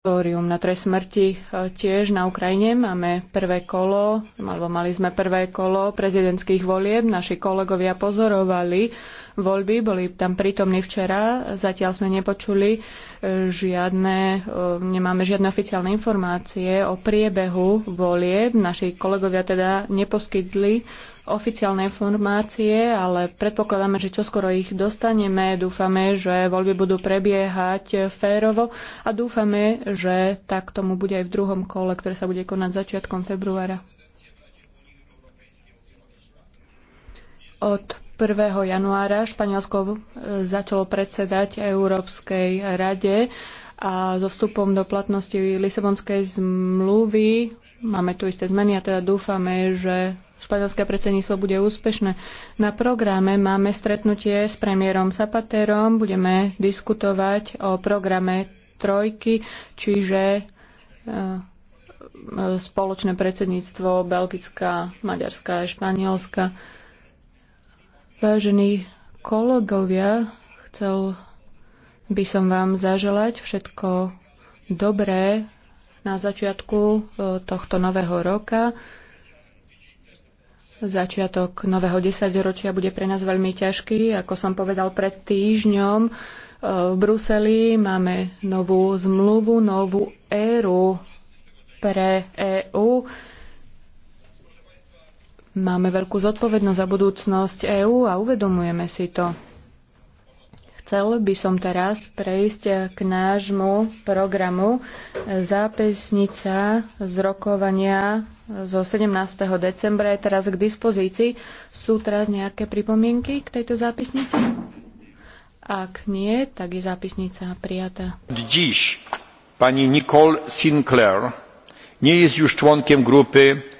moratórium na trest smrti e, tiež na Ukrajine. Máme prvé kolo, alebo mali sme prvé kolo prezidentských volieb. Naši kolegovia pozorovali voľby. Boli tam prítomní včera. Zatiaľ sme nepočuli e, žiadne, e, nemáme žiadne oficiálne informácie o priebehu volieb. Naši kolegovia teda neposkytli oficiálne informácie, ale predpokladáme, že čoskoro ich dostaneme. Dúfame, že voľby budú prebiehať férovo a dúfame, že tak tomu bude aj v druhom kole, ktoré sa bude konať začiatkom februára. Od 1. januára Španielsko e, začalo predsedať Európskej rade a so vstupom do platnosti Lisabonskej zmluvy máme tu isté zmeny a teda dúfame, že španielské predsedníctvo bude úspešné. Na programe máme stretnutie s premiérom Zapaterom, budeme diskutovať o programe trojky, čiže e, e, spoločné predsedníctvo Belgická, Maďarská a Španielska. Vážení kolegovia, chcel by som vám zaželať všetko dobré na začiatku e, tohto nového roka. Začiatok nového desaťročia bude pre nás veľmi ťažký. Ako som povedal pred týždňom, e, v Bruseli máme novú zmluvu, novú éru pre EÚ. Máme veľkú zodpovednosť za budúcnosť EÚ a uvedomujeme si to. Chcel by som teraz prejsť k nášmu programu zápisnica z rokovania zo 17. decembra je teraz k dispozícii. Sú teraz nejaké pripomienky k tejto zápisnici? Ak nie, tak je zápisnica prijatá. Dziś pani Nicole Sinclair nie jest już członkiem grupy